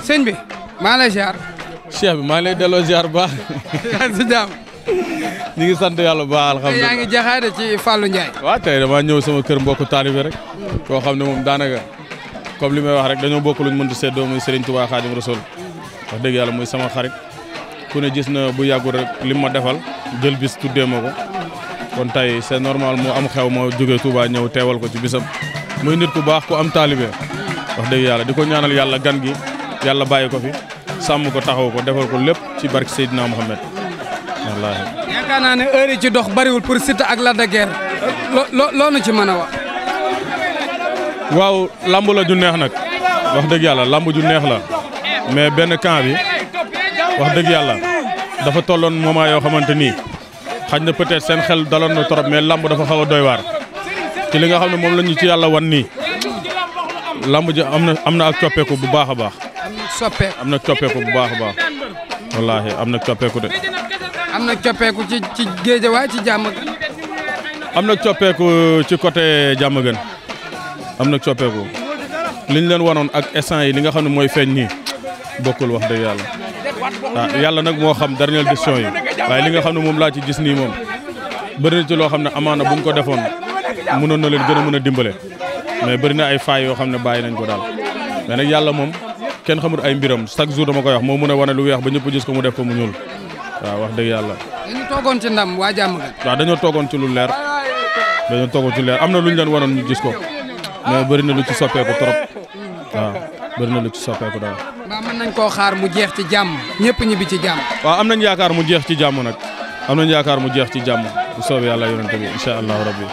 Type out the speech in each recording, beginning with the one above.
sëñ bi maa lay ziar. cheikh bi maa ngi lay delloo ziar bu baax. si jàmm. ñu ngi sant yàlla bu baax alhamdulilah yaa ngi jaxaade ci Fallou ñëw sama kër mbokku taalibe rek. koo xam ne moom daanaka comme li may wax rek dañoo bokk luñ mënti séddoo muy Serigne Touba Khadim Rasoul wax dëgg yàlla muy sama xarit ku ne gis na bu yàggul rek lim ma defal jël bis tuddee ma ko kon tey c'est normal moo am xew ma jóge tuubaa ñëw teewal ko ci bisam muy nit ku baax ku am taalibe wax dëgg yàlla di ko ñaanal yàlla gan gi. yàlla bàyyi ko fi sàmm ko taxaw ko defal ko lépp ci barke Seydina Mohamed wallaahi. yaakaar naa ne heure yi ci dox bariwul pour Siteu ak Lac de Guiers loo loonu ci mën a wax. waaw lamb la ju neex nag wax dëgg yàlla lamb ju neex la mais benn camp bi wax dëgg yàlla dafa tolloon moment yoo xamante ni xaj na peut-être seen xel daloon na trop mais lamb dafa xaw a doy waar. ci li nga xam ne moom la ñu ci yàlla wan nii lamb ji am na am na ak coppeeku bu baax a baax. am na am na coppeeku bu baax a baax. wallaahi am na coppeeku de. am na coppeeku ci ci géejawaay ci jàmm am na coppeeku ci côté jàmm gën am na coppeeku li ñu leen wanoon ak instant yi li nga xam ne mooy feeñ nii bokkul wax dëgg yàlla ah yàlla nag moo xam dernière décision yi waaye li nga xam ne moom laa ci gis nii moom bëri na ci loo xam ne amaana bu ñu ko defoon mënoon na leen gën a mën a dimbale mais bari na ay faay yoo xam ne bàyyi nañ ko daal mais nag yàlla moom. kenn xamul ay mbiram chaque jour dama koy wax moo mën a wane lu weex ba ñëpp gis ko mu def ko mu ñuul waaw wax dëgg yàlla. dañu toogoon ci ndam waa jàmm gan. waaw dañoo toogoon ci lu leer dañoo toogoon ci leer am na lu ñu leen wanoon ñu gis ko mais bari na lu ci soppeeku trop waaw bëri na lu ci soppeeku daal. waaw mën nañ koo xaar mu jeex ci jàmm ñëpp ñibbi ci jàmm. waaw am nañ yaakaar mu jeex ci jàmm nag am nañ yaakaar mu jeex ci jàmm bu soobee yàlla yonent bi incha allahu rabbi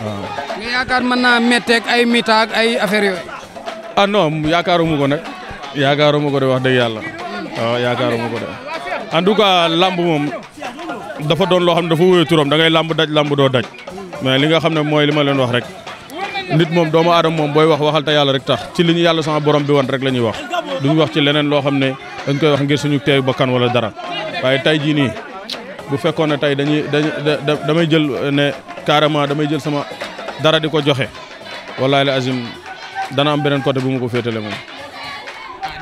waaw. mais yaakaar mën naa métteeg ay mitaag ay affaire yooyu. ah non yaakaaruma yaakaaruma ko de wax dëgg yàlla waaw yaakaaruma ko de en tout cas lamb moom dafa doon loo xam ne dafa wóyoo turam da ngay lamb daj lamb doo daj mais li nga xam ne mooy li ma leen wax rek nit moom doomu aadama moom booy wax waxal te yàlla rek tax ci li ñu yàlla sama borom bi wan rek la ñuy wax mu wax ci leneen loo xam ne dañ koy wax ngir suñu teeyu bakkan wala dara waaye tey jii nii bu fekkoon ne tey dañuy da damay jël ne carrément damay jël sama dara di ko joxe wallaahi la azim dana am beneen côté bu ma ko féetale moom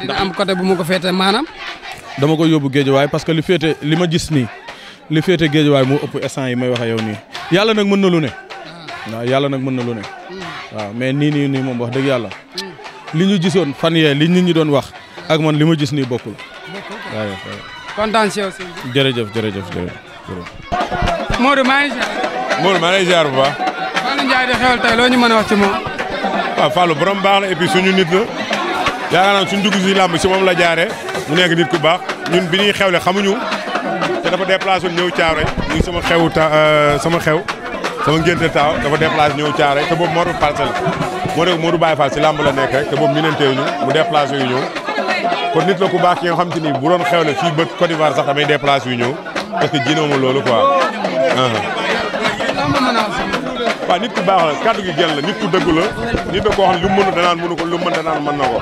dina am côté bu ma ko féete maanaam. dama koy yóbbu géejawaay parce que li féete li ma gis nii li féete géejawaay moo ëpp instant yi may waxe yow nii yàlla nag mën na lu ne. Ah. yàlla nag mën na lu ne. Hmm. waaw mais nii nii nii moom wax dëgg yàlla. Hmm. li ñu gisoon fan yee li nit ñi doon wax ak man li ma gis nii bokkul. waaw waaw. kontaan si yow si. jërëjëf jërëjëf jërëjëf. Modou maa bu baax. Fallou Ndiaye di xewal tey loo ñu mën a wax ci moom. waaw Fallou borom baax la et puis suñu nit la. yaakaar naa suñ dugg si làmb si moom la jaaree mu nekk nit ku baax ñun bi ñuy xewle xamuñu te dafa déplacé wu ñëw Thiaroye muy sama xew ta euh, sama xew sama ngénte taaw dafa déplacé ñëw Thiaroye te boobu Modou Parcelles moo nekk Modou Baye Fall si làmb la nekk rek te boobu ñu mu déplacé yu ñëw kon nit la ku baax ki nga xam te ni bu doon xewle fii bët Côte d'Ivoire sax damay déplacé yu ñëw parce que jiinoo ma loolu quoi. Ah. waaw nit baax la kàddu gi la nit ku dëggu la nit da koo xam lu mënu danaan mënu ko lu mën danaan na ko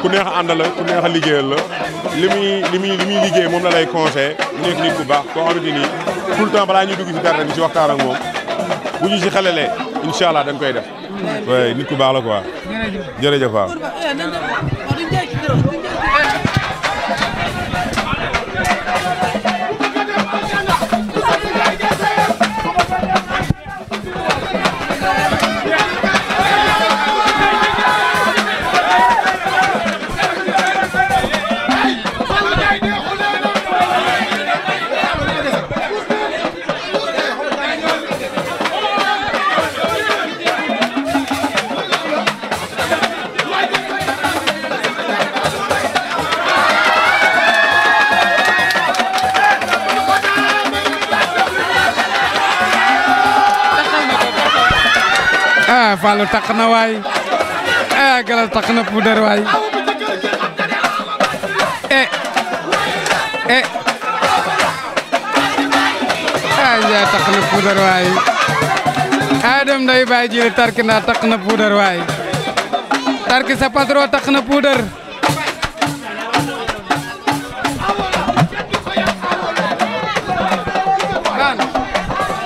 ku neex a ànd la ku neex a liggéeyal la li muy li muy li muy liggéey moom la lay conseillé mu nekk ku baax koo xamante ni tout le temps balaa ñuy dugg si dara ñu si waxtaan ak moom ñu si xelalee incha allah dañ koy def waaye mm. nit ku baax la ko quoi jërëjëf waaw Fallou taq na waay eh Gallas takk na puudar waay eh eh ah Ndiaye na puudar waay ah dem day bàyyi jiile tarki naa takk na puudar waay tarki sa patron takk na puudar.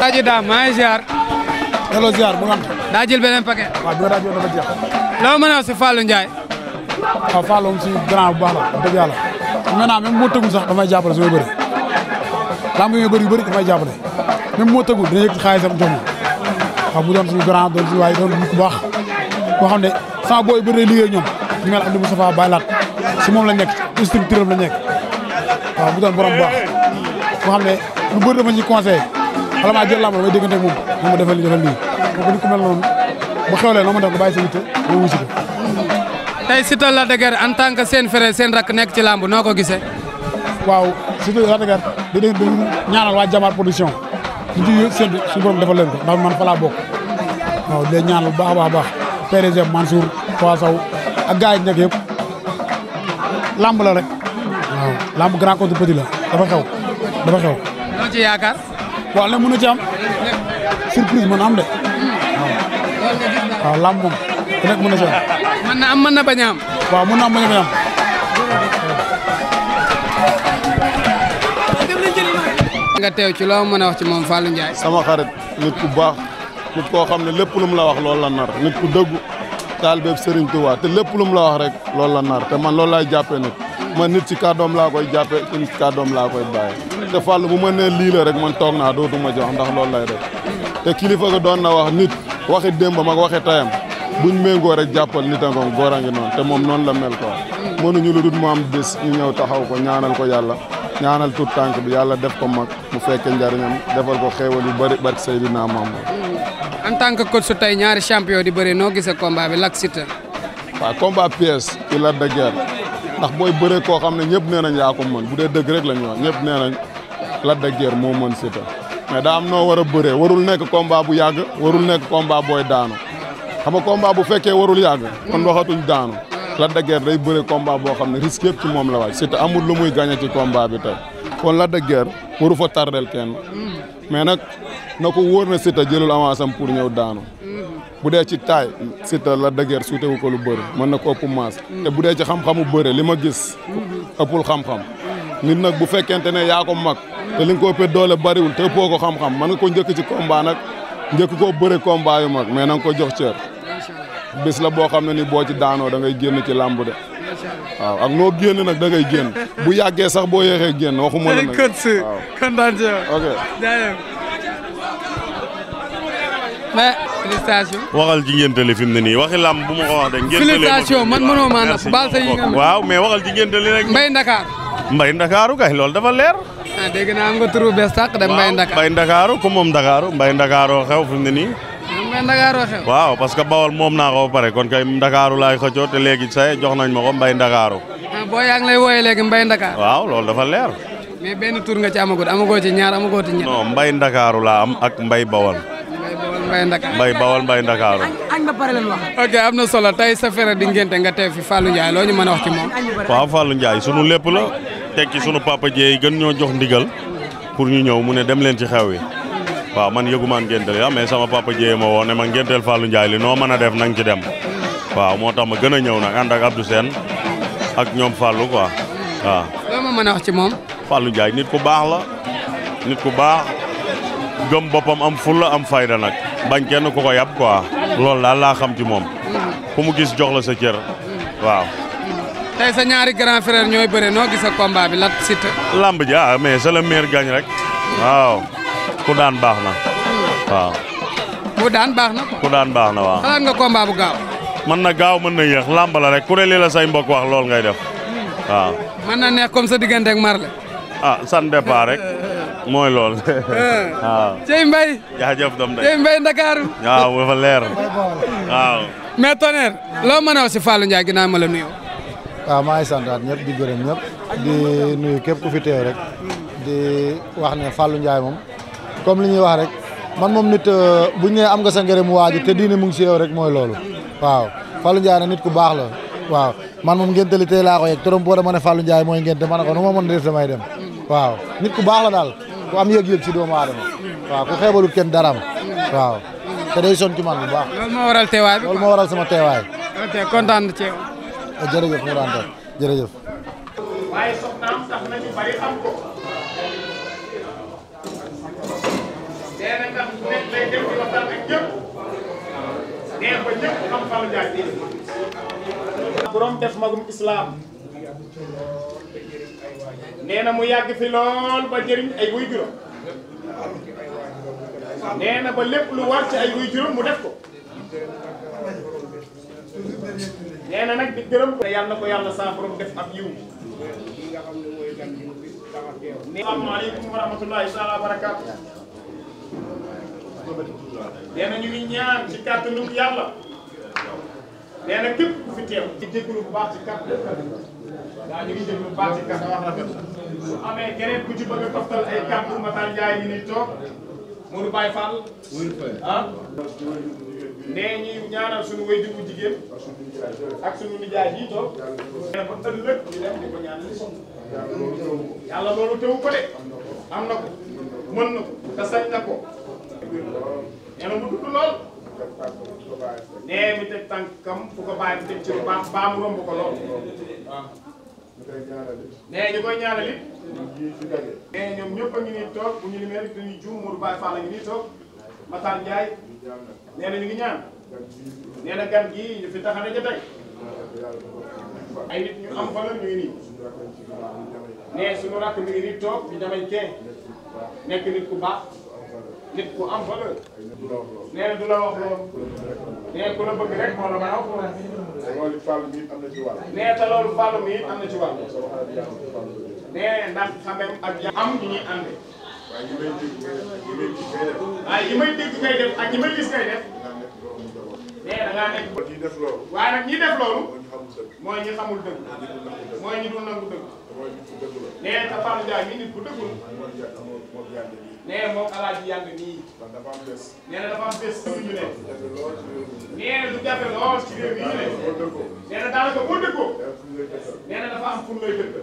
Taji daa maa ngi delloo ziar bu ngant. daa beneen paquet. waaw bi nga daa jël dafa jeex. loo mën a wax si Fallou Ndiaye. waaw Fallou moom si grand bu baax la dëgg yàlla. maintenant même moo tëgul sax damay jàppale su ma bëri. lamb yi nga bëri yu bëri damay jàppale. même moo tëgul dina yëg xaalisam jox ma. waaw mu doon suñu grand doon suñu waay doon nit ku baax. boo xam ne sama booy bëri liggéey ñoom ñu mel Abdou Moustapha Baye Lat si moom la nekk ci structure la nekk waaw mu doon borom baax boo xam ne lu bëri dama ci conseil bala maa jël làmb damay déggante ak moom na ma defal li defal lii donc nit ku mel bu xewlee noo ma def nga bàyyi sa yitte nga ko tey Siteu Lac de Guiers en tant que seen frère seen rakk nekk ci làmb noo ko gisee waaw Siteu Lac de Guiers di dégg waa Jamaar production ñu ci seen suñu defal leen ko man fa laa bokk waaw di leen ñaanal baax baax baax PDG Mansour Toa Sow ak gars yi nekk yëpp làmb la rek waaw làmb grand contre la dafa xew waaw léegi mën na ci am surprise mën na am de waaw na ci am. mën na am mën na bañ a am. waaw mën na am sama xarit nit ku baax nit koo xam ne lépp lu mu la wax lool la nar nit ku dëggu taalibeeb Serigne Touba te lépp lu mu la wax rek loolu la nar te man loolu laay jàppee nit man nit ci kàddoom laa koy jàppee nit ci kàddoom laa koy bàyyi. te Fall bu ma nee lii la rek man toog naa dootuma jox ndax loolu lay def te kilifa ga doon na wax nit waxi démbam ak waxi tayam buñ méngoo rek jàppal nit a ngoon góor a te moom noonu la mel ko mënuñu lu dut mu am bés ñu ñëw taxaw ko ñaanal ko yàlla ñaanal tut tànk bi yàlla def ko mag mu fekke njariñam defal ko xéewal yu bëri barki Seydina Maam en tant que coach su tey ñaari champion di bëri noo gisee combat bi lak Siteu waaw combat pièce ci la de guerre ndax booy bëree koo xam ne ñëpp nee nañ yaa ko mën bu dee dëgg rek la ñu wax Lac de Guiers moo mën Siteu mais daa am noo war a bëree warul nekk combat bu yàgg warul nekk combat booy daanu xam nga combat bu fekkee warul yàgg kon waxatuñ daanu Lac de day bëre combat boo xam ne risque yëpp ci moom la waaj Siteu amul lu muy gagné ci combat bi tey kon Lac de Guiers waru fa tardel kenn mais nag na ko wóor na Siteu jëlul avance am pour ñëw daanu bu dee ci taay Siteu Lac de Guiers suutewu ko lu bëri man na ko ëpp te bu dee ci xam-xamu xam bëre li ma gis ëppul xam-xam nit ne yaa ko te li nga ko ëppee doole bariwul te ëppoo ko xam-xam mën nga ko njëkk ci combat nag njëkk koo bëre combat yu mag nan na nga ko jox cër bis la boo xam ne ni boo ci daanoo da ngay génn ci làmb de waaw ak noo génn nag da ngay génn bu yàggee sax boo yéexee génn waxuma la nag waaw kontaan ci yow ok mais félicitation. waxal ci ngéntali fi mu ne nii wax làmb bu mu ko wax de. ngéntali man mënoo maa nag baal sa yi waaw mais waxal ci ngéntali rek. mbay Ndakaar. mbay ndakaaru kay loolu dafa leer. ah dégg naa am nga turu bees tàq de mbay ndakaaru mbay ndakaaru ku moom ndakaaru xew fi mu ne nii. Ah, xew. waaw parce que bawol moom naa ko ba pare kon kay ndakaaru laay xëccoo te léegi say jox nañ ma ko mbay ndakaaru. ah boo yaa ngi waaw loolu dafa leer. mais benn tur nga ci a amagoo ci ñaar amagoo ci ñett. non mbay ndakaaru laa am ak mbay bawol. mbay Ndakaaru mbay Bawol mbay Ndakaaru. ba pare leen wax. am na solo tey sa fere teg ci sunu papa Dieye gën ñoo jox ndigal pour ñu ñëw mu ne dem leen ci xew yi waaw man yëgumaan ngéntel ya ah, mais sama papa Dieye ma woo ne ma ngénteel Fallou Ndiaye li noo mën a def nang ci dem waaw moo tax ma gën a ñëw nag ànd ak Abdou ak ñoom Fallou quoi waaw. loolu ma mën a wax ci moom. Fallou Ndiaye nit ku baax la nit ku baax gëm boppam am fulla am fayda nag bañ kenn ko ko yab quoi loolu daal laa xam ci moom mm. ku mu gis jox la sa cër waaw. tey sa ñaari grand frère ñooy bëre noo gis ak bi Lat Siteu. lamb ji ah mais c'est rek waaw ku daan baax na waaw. ku daan baax na ku daan baax na waaw. xalaat nga combat gaaw. mën na gaaw mën na yéex lamb la rek ku ne lii la say mbokk wax lool ngay def waaw. mën na neex comme sa diggante ak Marley. san ah, départ rek. mooy lool. Ah. waaw. Cey Mbaye. jaajëf dom day Cey Mbaye Ndakaaru. waaw dafa leer waaw. mais tonnerre loo mën a si Fallou Ndiaye ginnaaw ma waaw maa ngi santaat ñëpp di nuyu képp ku fi teew rek di wax ne fallu Ndiaye moom comme li ñuy wax rek man moom nit euh, buñ ne am nga sa mu waaju te diine mu ngi rek mooy loolu waaw Fallou Ndiaye na nit ku baax la waaw man moom ngénte li tey laa ko yegg torom boo dama ne Fallou Ndiaye mooy ngénte ma ne ko nu ma mën def dem waaw nit ku baax la daal ku am yëg-yëg si doomu aadama waaw ku xeebalut kenn daraam waaw te day son ci man bu baax loolu moo waral sama teewaay Ah, jërëjëf mu daan waaye soxnaam tax na ñu ko. nee na ndax ba ñëpp xam Fallou Ndiaye. borom mu yàgg lool ba jëriñ ay wuy juróom. nee ba lépp lu war ay wuy juróom mu def ko. nee na nag di gërëm ko yàlla ko yàlla sa borom def ab yiw yi nga xam ne mooy gan yi a teew asalaamaaleykum na ñu ngi ñaan ci kàttanu yàlla nee na képp ku fi teew ci jégalu bu baax ci kàttanu daa ñu ngi jégalu bu ci kàttanu amee keneen ku ci bëgg a toftal ay kàddu Matar Ndiaye ni toog Modou Baye Fall ah nee ñuy ñaanal suñu way jubbu jigéen ak suñu nijaay yi toog nee ba ëllëg ñu dem di ko ko de am nee na mu ñoom ñëpp a ngi nii toog bu ñu limee rek dañuy juum a nee na ñu ngi ñaan nee na gan gii ñu fi a ja tey ay nit ñu am valeur ñu ngi nee suñu rakk mi ngi nii toog nekk nit ku baax nit ku am valeur nee na du la wax loolu nee ku la bëgg rek moo la mën a wax loolu fàll mi am na ci wàll nee te loolu mi am na ci wàll nee ndax xamem ak am ñu ñuy waaye yi may dégg kay def ak yi may gis kay def. Ah, nee da ngaa nekk. waaye nag ñi def loolu. mooy ñi xamul dëgg. mooy ñi dul nangu dëgg. nee te Fallou Ndiaye mi nit ku dëggul. nee moom alaaji yàng nii. nee na dafa am bés. nee na du jafe lool ci réew mi ñu ne. nee na daanaka boo dëggoo. nee na dafa am pour lay dëgg.